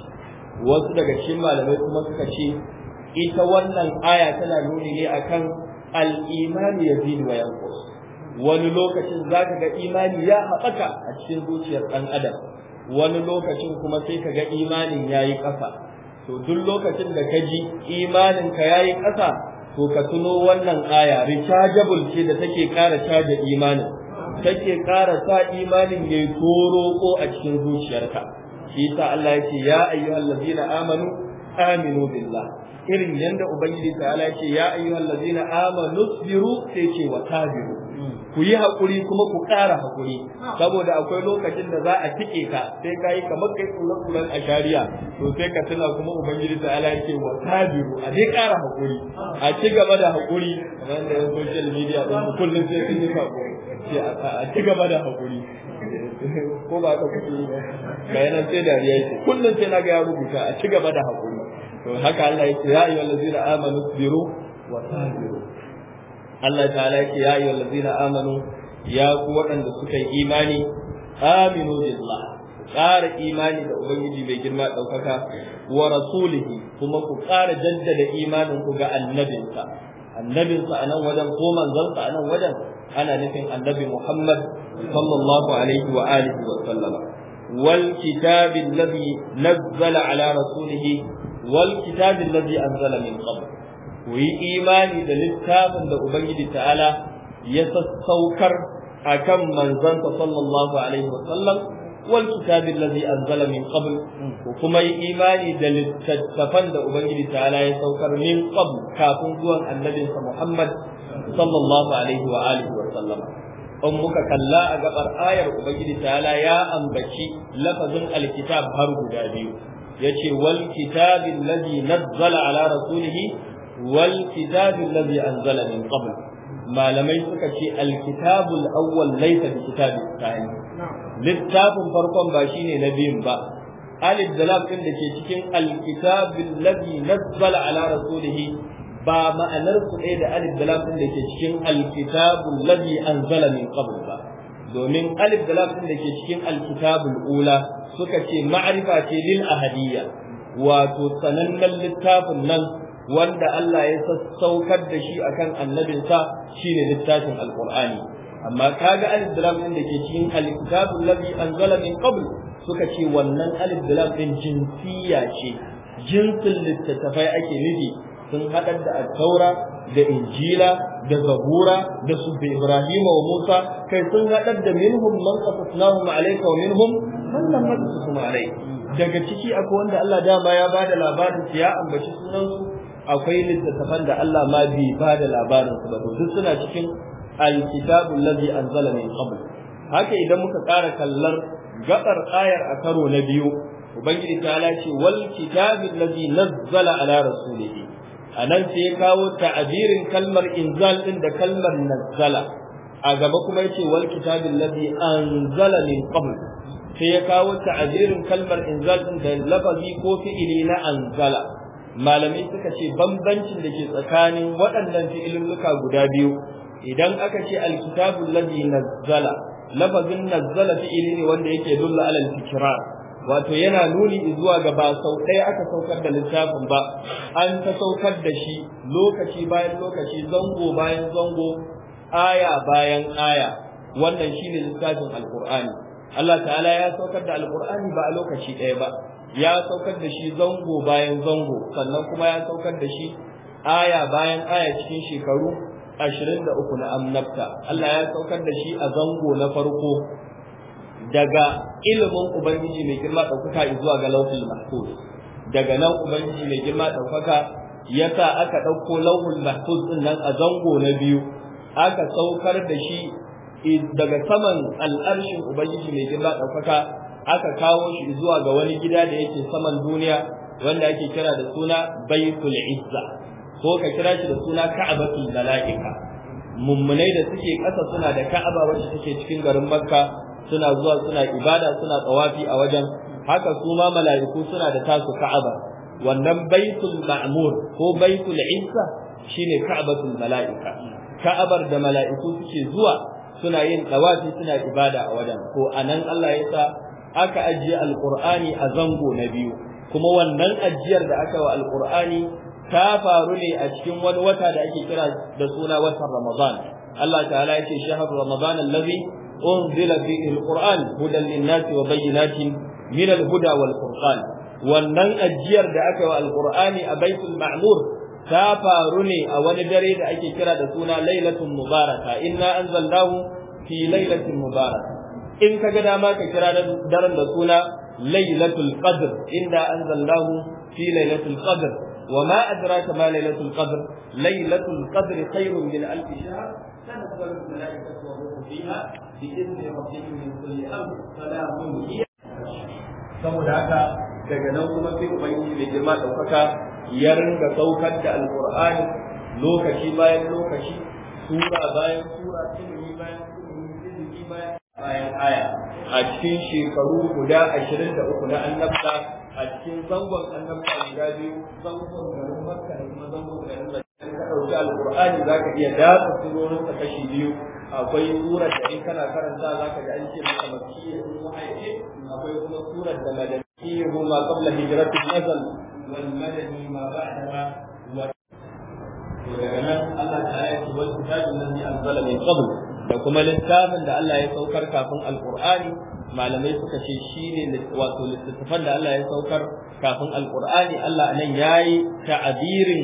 wasu daga cikin malamai kuma suka ce ita wannan aya tana nuni ne akan al-imani yazid wa yanqus wani lokacin zaka ga imani ya haɓaka a cikin zuciyar ɗan adam wani lokacin kuma sai ka ga imanin yayi ƙasa to duk lokacin da ka ji imanin ka yayi ƙasa to ka tuno wannan aya rechargeable ce da take ƙara caja imanin take ƙara sa imanin yayi yi ko a cikin zuciyarka shi yasa Allah ce ya ayyuhallazina amanu aminu billah irin yanda ubangiji ala ce ya ayyuhal ladina amanu sabiru sai ce wa tabiru ku yi hakuri kuma ku ƙara hakuri saboda akwai lokacin da za a tike ka sai ka yi kamar kai kullun kullun a shari'a to sai ka tuna kuma ubangiji ala ce wa tabiru a dai ƙara hakuri a ci gaba da hakuri kamar da social media din kullum sai kin yi hakuri a ci gaba da hakuri ko ba ka kuke bayanan sai dariya ce kullum sai na ga ya rubuta a ci gaba da hakuri to haka Allah yake ya ayyuhal ladzina amanu sabiru wa sabiru Allah ta'ala yake ya ayyuhal ladzina amanu ya ku waɗanda suka yi imani aminu billah ƙara imani da ubangiji mai girma ɗaukaka wa rasulihi kuma ku ƙara jaddada imanin ku ga annabinsa annabinsa a nan wajen ko manzansa a nan wajen ana nufin annabi Muhammad sallallahu alaihi wa alihi wa sallama wal kitabin ladhi nazzala ala rasulihi wal kitabin ladzi anzala min qabl ku yi imani da littafin da ubangiji ta'ala ya sassaukar akan manzansa sallallahu alaihi wa sallam wal kitabin ladzi anzala min qabl ku yi imani da littattafan da ubangiji ta'ala ya saukar min qabl kafin zuwan annabinsa Muhammad sallallahu alaihi wa sallam in muka kalla a gaɓar ayar ubangiji ta'ala ya ambaci lafazin alkitab har guda biyu yace wal kitabil ladhi nazzala ala rasulihi wal kitabil ladhi anzala min qabl malamai suka ce al kitabul awwal laysa bi kitabil thani littafin farkon ba shine na biyun ba alif da lam din da ke cikin al kitabil ladhi nazzala ala rasulihi ba ma'anar su ɗaya da alif da lam din da ke cikin al kitabul ladhi anzala min qabl ba domin alif da lam din da ke cikin al kitabul ula suka ce ma'arifa ce lil ahadiyya wato sanannen littafin nan wanda Allah ya sassaukar da shi akan annabinsa shine littafin alqur'ani amma kaga alif lam din da ke cikin alkitabul ladhi anzala min qabl suka ce wannan alif lam din jinsiya ce jinsin littattafai ake nufi sun haɗar da attaura da injila da zabura da su ibrahima wa musa kai sun haɗar da minhum man qasasnahum alayka wa minhum sallan su kuma alai daga ciki akwai wanda Allah dama ya ba da labarin su ya ambaci sunansu akwai littattafan da Allah ma bai ba da labarin su ba to duk suna cikin alkitabul ladzi anzala min qabl haka idan muka ƙara kallar gabar ayar a karo na biyu ubangiji ta ce wal kitabil ladzi nazzala ala rasulihi anan sai ya kawo ta'abirin kalmar inzal din da kalmar nazzala a gaba kuma yace wal kitabil ladzi anzala min qabl sai ya kawo ta'azirin kalmar inzal din da lafazi ko fi'ili na anzala malamai suka ce bambancin da ke tsakanin waɗannan fi'ilulluka guda biyu idan aka ce alkitabul ladhi nazzala lafazin nazzala fi'ili ne wanda yake dulla alal tikrar wato yana nuni zuwa ga ba sau ɗaya aka saukar da littafin ba an ta saukar da shi lokaci bayan lokaci zango bayan zango aya bayan aya wannan shine littafin alqur'ani Allah ta'ala ya saukar da alqur'ani ba a lokaci ɗaya ba ya saukar da shi zango bayan zango sannan kuma ya saukar da shi aya bayan aya cikin shekaru 23 na annabta Allah ya saukar da shi a zango na farko daga ilimin ubangiji mai girma ɗaukaka zuwa ga lauhul mahfuz daga nan ubangiji mai girma ɗaukaka ya sa aka ɗauko lauhul mahfuz ɗin nan a zango na biyu aka saukar da shi E, daga saman al'arshin ubangiji mai girma ɗaukaka aka kawo shi zuwa ga wani gida da yake saman duniya wanda ake kira da suna baitul izza ko ka kira shi da suna ka'abatul mala'ika mummunai da suke ƙasa suna da ka'aba wacce take cikin garin makka suna zuwa suna ibada suna tsawafi a wajen haka su ma mala'iku suna da tasu ka'aba wannan baitul ma'mur ko baitul izza shine ka'abatul mala'ika ka'abar da mala'iku suke zuwa suna yin tawafi suna ibada a wajen ko anan Allah ya sa aka ajiye alqur'ani a zango na biyu kuma wannan ajiyar da aka wa alqur'ani ta faru ne a cikin wani wata da ake kira da suna watan Ramadan Allah ta'ala ya ce shahr Ramadan allazi unzila fihi alqur'an hudan lin-nasi wa bayyinatin min al-huda wannan ajiyar da aka wa alqur'ani a baitul ma'mur ta faru ne a wani dare da ake kira da suna lailatul mubaraka inna anzalnahu fi lailatul mubaraka in ka ga dama ka kira daren da suna lailatul qadr inna anzalnahu fi lailatul qadr wa ma adraka ma lailatul qadr lailatul qadr khairun min alf shahr tanzalul malaikatu wa ruhu fiha bi idni rabbihim min kulli amr salamun hiya saboda haka daga nan kuma sai ubangiji mai girma ɗaukaka? ya ringa saukar da alqur'ani lokaci bayan lokaci sura bayan sura ilimi bayan ilimi bayan bayan aya a cikin shekaru guda ashirin da uku na annabta a cikin zangon annabta guda biyu zangon garin makka da kuma zangon garin da ka ɗauki alƙur'ani za ka iya dafa surorin ta kashi biyu akwai surar da in kana karanta za ka ji an ce maka makiyya ko aiki akwai kuma surar da madaniyya ma qabla hijratin nazal والمدني ما بعدها daga nan Allah ta ya da kuma littafin da Allah ya saukar kafin alqur'ani malamai suka ce shine wato littattafan da Allah ya saukar kafin alkur'ani Allah nan yi ta'abirin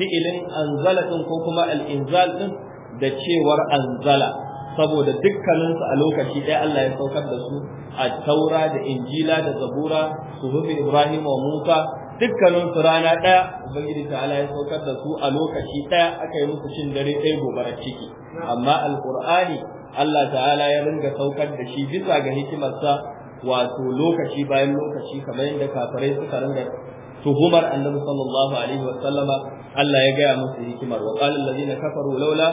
fi'ilin anzala din ko kuma alinzal ɗin din da cewar anzala saboda dukkanin a lokaci ɗaya Allah ya saukar da su a taura da injila da zabura Su suhuf ibrahim wa musa dukkanin su rana ɗaya ubangiji ta ala ya saukar da su a lokaci ɗaya aka yi musu cin dare ɗaya gobarar ciki amma alqur'ani Allah ta'ala ya ringa saukar da shi bisa ga hikimarsa wato lokaci bayan lokaci kamar yadda kafirai suka ringa tuhumar annabi sallallahu alaihi wa sallama Allah ya gaya musu hikimar wa qala allazina kafaru laula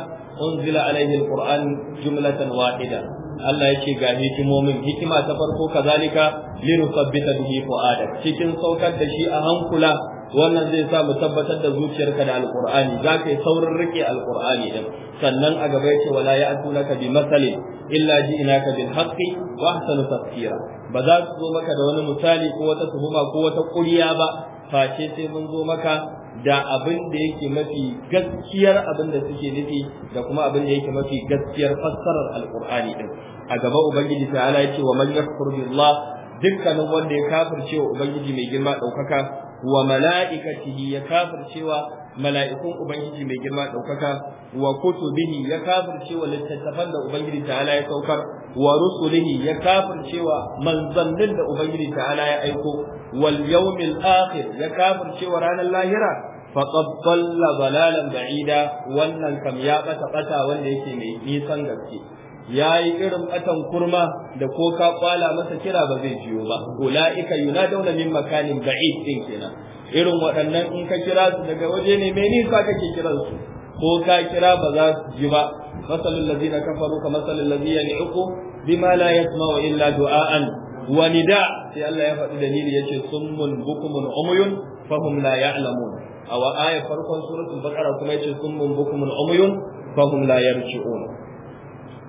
unzila alaihi alquran jumlatan wahida Allah ce, ga hikimomin hikima ta farko kazalika linusabbita bihi fuadak cikin saukar da shi a hankula wannan zai sa mu tabbatar da zuciyarka da alqur'ani zaka yi saurin rike alqur'ani din sannan a gaba yace wala ya'tunaka bi masalin illa ji'naka bil haqqi wa ahsanu tafsira ba za su zo maka da wani misali ko wata tuhuma ko wata ƙuriya ba face sai mun zo maka da abin da yake mafi gaskiyar abin da suke nufi da kuma abin da yake mafi gaskiyar fassarar alkur'ani din a gaba ubangiji ta'ala yace wa man yakfur billah dukkanin wanda ya kafirce wa ubangiji mai girma daukaka wa mala'ikatihi ya kafircewa mala'ikun ubangiji mai girma daukaka wa kutubihi ya kafircewa littattafan da ubangiji ta'ala ya saukar wa rusulihi ya kafircewa manzannin da ubangiji ta'ala ya aiko wal yawmil akhir ya kafircewa ranar lahira faqad dalla balalan ba'ida wannan kam ya bata bata wanda yake mai nisan gaske yayi irin atan kurma da ko ka kwala masa kira ba zai jiyo ba ulaika yunaduna min makanin ba'id din kenan irin waɗannan in ka kira su daga waje ne mai nisa kake kiran su ko ka kira ba za su ji ba masalul ladina kafaru ka masalul ladhi yan'iqu bima la yasma'u illa du'a'an wa nida sai Allah ya faɗi dalili yace summun bukumun umuyun fahum la ya'lamun a wa ayar farkon suratul baqara kuma yace summun bukumun umyun fahum la yarji'un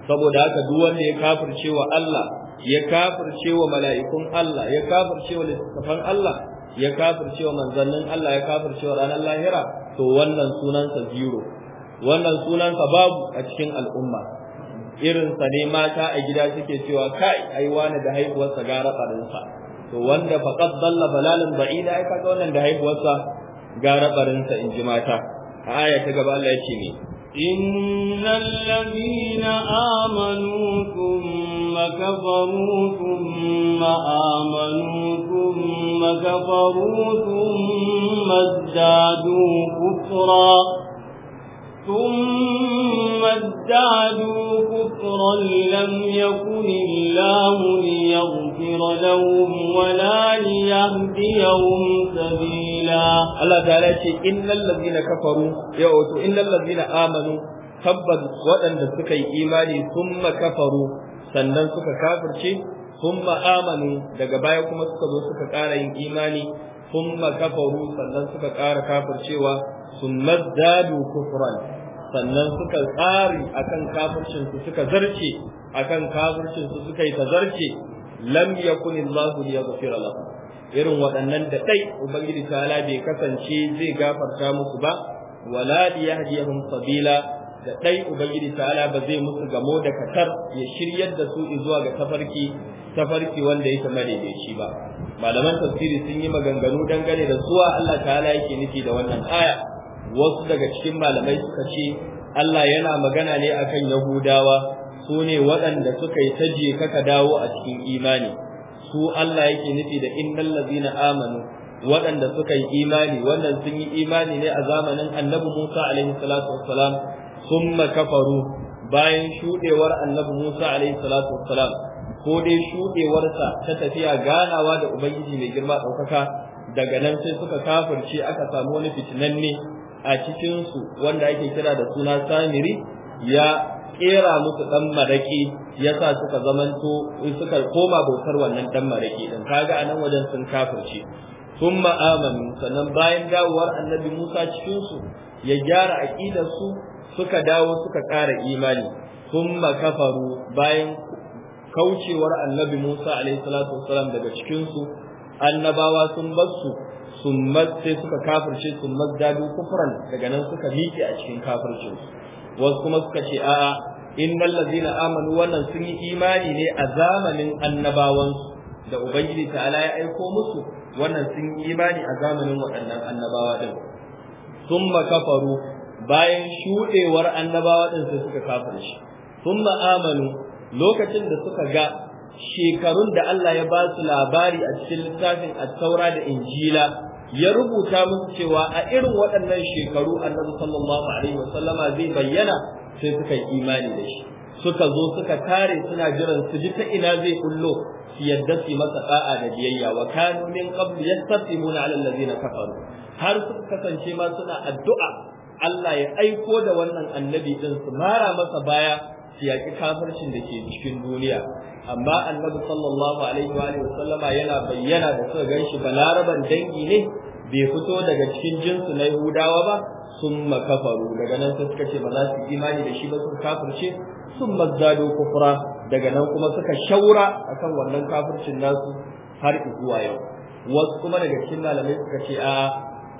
saboda haka duk wanda ya kafirce wa Allah ya kafirce wa mala'ikun Allah ya kafirce wa littafan Allah ya kafirce wa manzannin Allah ya kafirce wa ranar lahira to wannan sunansa zero wannan sunansa babu a cikin al'umma irinsa ne mata a gida suke cewa kai ai wani da haihuwarsa gara ɓarinsa to wanda faqad dalla balalan ba'ida ai kaga wannan da haihuwarsa gara barinsa in ji mata a aya ta gaba Allah yake ne innal ladina amanu thumma kafaru thumma amanu thumma kafaru thumma zadu kufra ثم ازدادوا كفرا لم يكن الله ليغفر لهم ولا ليهديهم سبيلا illa Allah ta ce innal ladina kafaru ya wato innal ladina amanu tabbas waɗanda suka yi imani summa kafaru sannan suka kafirce summa amanu daga baya kuma suka zo suka ƙara yin imani summa kafaru sannan suka ƙara kafircewa summa zadu kufran sannan suka tsari akan kafircin su suka zarce akan kafircin su suka yi tazarce lam yakun Allah liyaghfira lahum irin waɗannan da kai ubangiji ta bai kasance zai gafarta musu ba wala li yahdihum sabila da ɗai ubangiji ala ba zai musu gamo da katar ya shiryar da su zuwa ga tafarki tafarki wanda yake shi ba malaman tafsiri sun yi maganganu dangane da zuwa Allah ta'ala yake nufi da wannan aya wasu daga cikin malamai suka ce Allah yana magana ne akan Yahudawa su ne waɗanda suka yi ta je kaka dawo a cikin imani su Allah yake nufi da innal ladzina amanu waɗanda suka yi imani wannan sun yi imani ne a zamanin annabi Musa alaihi salatu wassalam summa kafaru bayan shudewar annabi Musa alaihi salatu wassalam ko dai shudewarsa ta tafiya ganawa da ubangiji mai girma ɗaukaka daga nan sai suka kafirce aka samu wani fitinanne a cikinsu wanda ake kira da suna samiri ya kera musu dan maraki yasa suka zamanto suka koma bautar wannan dan maraki din kaga anan wajen sun kafirce ثم amanu sannan bayan dawowar annabi Musa cikin su ya gyara aqidar su suka dawo suka kara imani thumma kafaru bayan kaucewar annabi Musa alaihi salatu wasalam daga cikin su annabawa sun bar su sun sai suka kafirce sun mazdadu kufran daga nan suka miƙe a cikin kafircin su wasu kuma suka ce a'a innal na amanu wannan sun yi imani ne a zamanin annabawansu da ubangiji ta Ala ya aiko musu wannan sun yi imani a zamanin waɗannan annabawa din summa kafaru bayan shuɗewar annabawa din sai suka shi. summa amanu lokacin da suka ga shekarun da Allah ya ba su labari a cikin littafin at-taura da injila ya rubuta musu cewa a irin waɗannan shekaru annabi sallallahu alaihi wasallama zai bayyana sai suka yi imani da shi suka zo suka kare suna jiran su ji ta ina zai kullo su yadda su masa da'a da biyayya wa kanu min qabl yastasimuna ala allazina kafaru har suka kasance ma suna addu'a Allah ya aiko da wannan annabi din su mara masa baya Yaki kafircin da ke cikin duniya amma annabi sallallahu alaihi wa sallama yana bayyana da suka ganshi balaraban dangi ne bai fito daga cikin jinsu na Yahudawa ba sun makafaru daga nan sai suka ce ba za su imani da shi ba sun kafirce sun mazzado kufra daga nan kuma suka shaura akan wannan kafircin nasu har zuwa yau wasu kuma daga cikin malamai suka ce a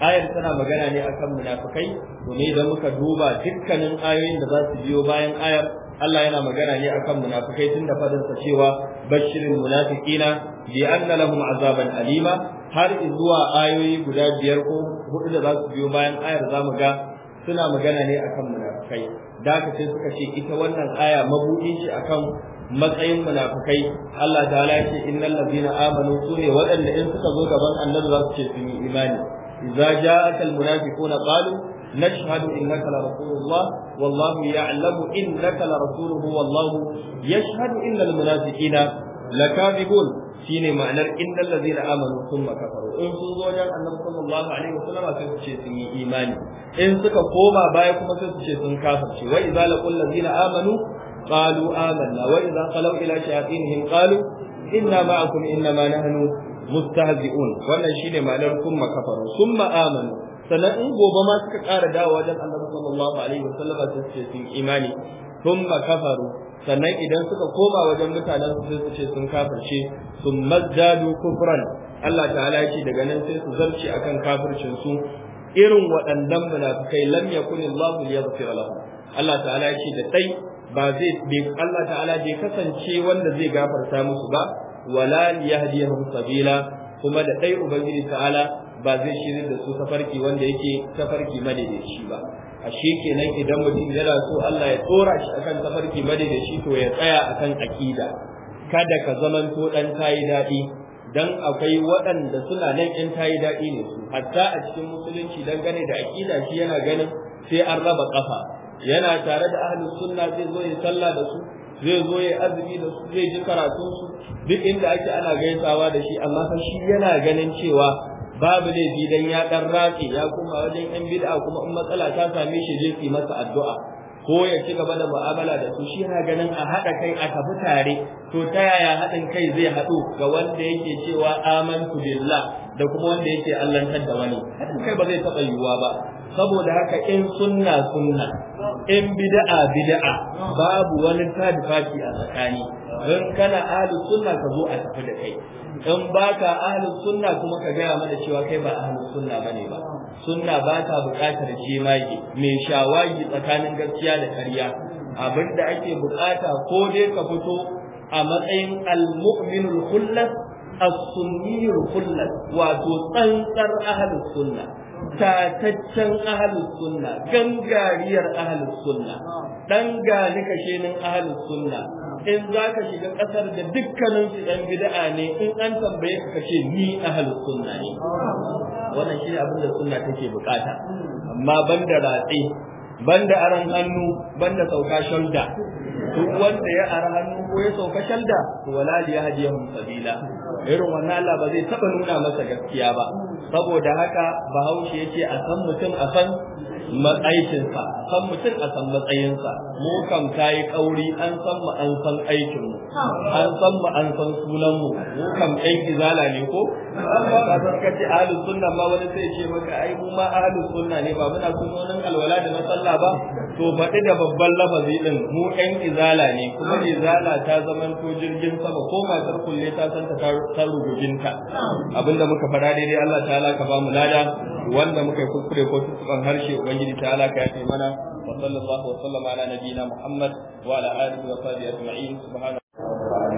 ayar tana magana ne akan munafikai ne idan muka duba dukkanin ayoyin da za su biyo bayan ayar Allah yana magana ne akan munafikai tun da faɗin sa cewa bashirin munafiqina bi anna lahum azaban alima har zuwa ayoyi guda biyar ko hudu da za su biyo bayan ayar za mu ga suna magana ne akan munafikai da haka sai suka ce ita wannan aya mabudi shi akan matsayin munafikai Allah ta'ala ya ce innal ladina amanu sune waɗanda in suka zo gaban annabi za su ce sun yi imani idza ja'aka na qalu نشهد إنك لرسول الله والله يعلم إنك لرسوله والله يشهد إن المنافقين لكاذبون shine ma'anar innal ladzina amanu thumma kafaru in sun zo wajen annabi sallallahu alaihi wasallam sai su ce sun yi imani in suka koma baya kuma sai su ce sun kafirce wa idza laqul ladzina amanu qalu amanna wa idza qalu ila wannan shine ma'anar thumma kafaru thumma amanu sannan in gobe ma suka ƙara dawo wajen annabi sallallahu alaihi wasallam sai su ce sun imani thumma kafaru sannan idan suka koma wajen mutanen su sai su ce sun kafirce thumma zadu kufran Allah ta'ala ce daga nan sai su zarce akan kafircin su irin waɗannan munafikai lam yakunillahu liyaghfira lahum Allah ta'ala ce da dai ba zai Allah ta'ala bai kasance wanda zai gafarta musu ba wala yahdihum sabila kuma da ɗai ubangiji ta'ala ba zai shirin da su tafarki wanda yake tafarki shi ba ashe nan idan mutum yana so Allah ya tsora shi akan tafarki shi to ya tsaya akan akida kada ka zamanto dan tayi daɗi, dan akwai waɗanda suna nan in tayi daɗi ne su hatta a cikin musulunci dan gane da akida shi yana ganin sai an raba kafa yana tare da ahli sunna zai zo ya sallah da su zai zo ya azumi da su zai ji karatun su duk inda ake ana gaisawa da shi amma shi yana ganin cewa babu laifi dan ya dan ratse ya kuma wajen yan bid'a kuma in matsala ta same shi je ki masa addu'a ko ya ci gaba da mu'amala da su shi na ganin a haɗa kai a tafi tare to ta yaya haɗin kai zai haɗu ga wanda yake cewa amantu billah da kuma wanda yake allantar da wani haɗin kai ba zai taba yiwuwa ba saboda haka in sunna sunna in bid'a bid'a babu wani third a tsakani in kana ahli sunna ka zo a tafi da kai in baka ahli sunna kuma ka gaya mana cewa kai ba ahli sunna bane ba sunna ba ta buƙatar jemage mai shawagi tsakanin gaskiya da ƙarya abinda ake buƙata ko dai ka fito a matsayin al-mu'minul khullas as-sunniyul khullas wato tsantsar ahli sunna tataccen ahalus sunna gangariyar ahalus sunna dan gani shenin ahalus sunna in za ka shiga ƙasar da dukkanin su ɗan bid'a ne in an tambaye ka kashe ni ahalus sunna ne wannan shi abin da sunna take bukata amma banda ratse banda aran hannu banda sauka shalda duk wanda ya ara hannu ko ya sauka shalda to wala ya hadiyahum sabila irin wannan Allah ba zai taba nuna masa gaskiya ba saboda haka bahaushe yace a san mutum a san sa san mutum a san matsayinsa mu kam kai kauri an san mu an san aikin mu an san mu an san sunan mu mu kam ɗan gizala ne ko ba san ka ce ahlus sunna ma wani sai ce maka ai mu ma ahlus sunna ne ba muna sunonin alwala da na sallah ba to faɗi da babban lafazi ɗin mu ɗan izala ne kuma izala ta zamanto jirgin sama ko matar kulle ta san ta ta ruguginta abinda muka faɗa daidai Allah ta ka ba mu lada wanda muka yi kuskure ko tuttuban harshe ubangiji ta'ala ya fi mana wa sallallahu wa sallama ala nabiyina muhammad wa ala alihi wa sahbihi ajma'in subhanahu